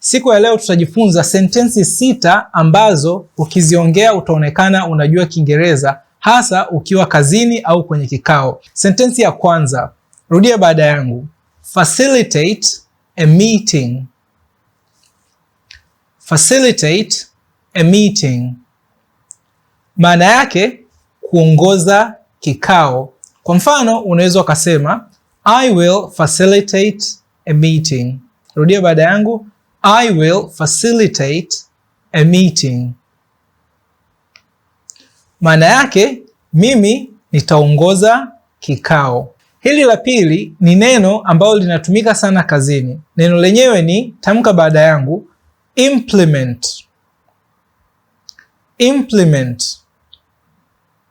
Siku ya leo tutajifunza sentensi sita ambazo ukiziongea utaonekana unajua Kiingereza hasa ukiwa kazini au kwenye kikao. Sentensi ya kwanza, rudia baada yangu. Facilitate a meeting. Facilitate a meeting. Maana yake kuongoza kikao. Kwa mfano, unaweza ukasema I will facilitate a meeting. Rudia baada yangu. I will facilitate a meeting. Maana yake mimi nitaongoza kikao. Hili la pili ni neno ambalo linatumika sana kazini. Neno lenyewe ni tamka baada yangu, implement. Implement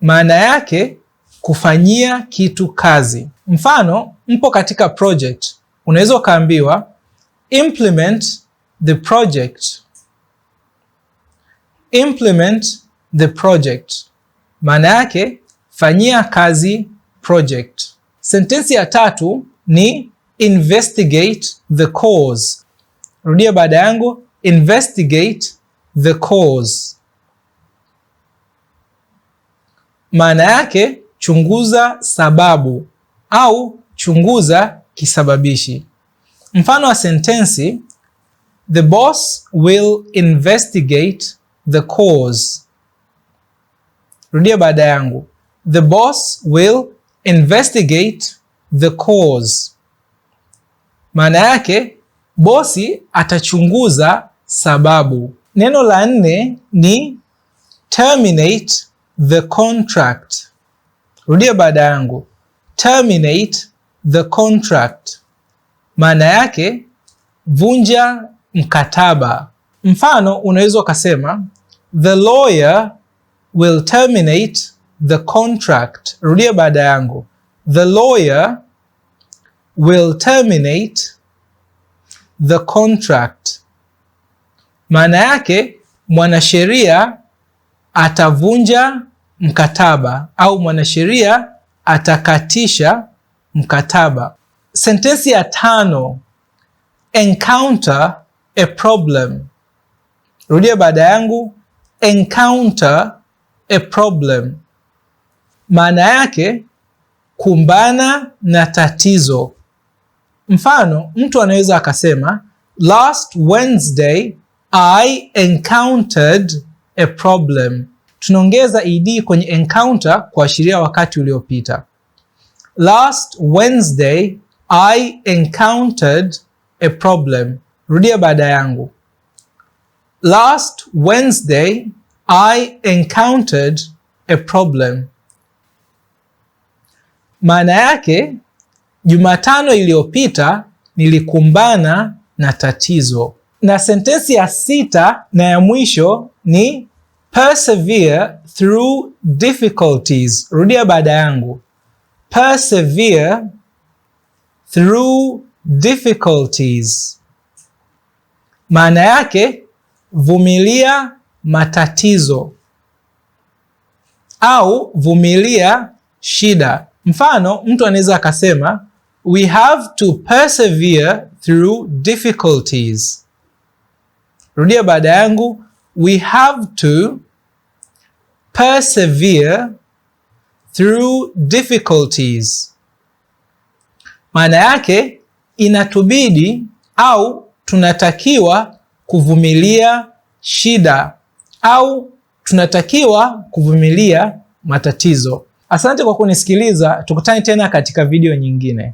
maana yake kufanyia kitu kazi. Mfano, mpo katika project, unaweza ukaambiwa implement the project. Implement the project, maana yake fanyia kazi project. Sentensi ya tatu ni investigate the cause. Rudia baada yangu, investigate the cause, maana yake chunguza sababu au chunguza kisababishi. Mfano wa sentensi The boss will investigate the cause. Rudia baada yangu. The boss will investigate the cause. Maana yake bosi atachunguza sababu. Neno la nne ni terminate the contract. Rudia baada yangu. Terminate the contract. Maana yake vunja mkataba. Mfano, unaweza ukasema the lawyer will terminate the contract. Rudia baada yangu, the lawyer will terminate the contract. Maana yake mwanasheria atavunja mkataba au mwanasheria atakatisha mkataba. Sentensi ya tano encounter a problem. Rudia baada yangu, encounter a problem, maana yake kumbana na tatizo. Mfano, mtu anaweza akasema last Wednesday I encountered a problem. Tunaongeza ed kwenye encounter kuashiria wakati uliopita. Last Wednesday I encountered a problem. Rudia baada yangu. Last Wednesday I encountered a problem. Maana yake Jumatano iliyopita nilikumbana na tatizo. Na sentensi ya sita na ya mwisho ni persevere through difficulties. Rudia baada yangu. Persevere through difficulties. Maana yake vumilia matatizo au vumilia shida. Mfano, mtu anaweza akasema we have to persevere through difficulties. Rudia baada yangu, we have to persevere through difficulties. Maana yake inatubidi au tunatakiwa kuvumilia shida au tunatakiwa kuvumilia matatizo. Asante kwa kunisikiliza, tukutane tena katika video nyingine.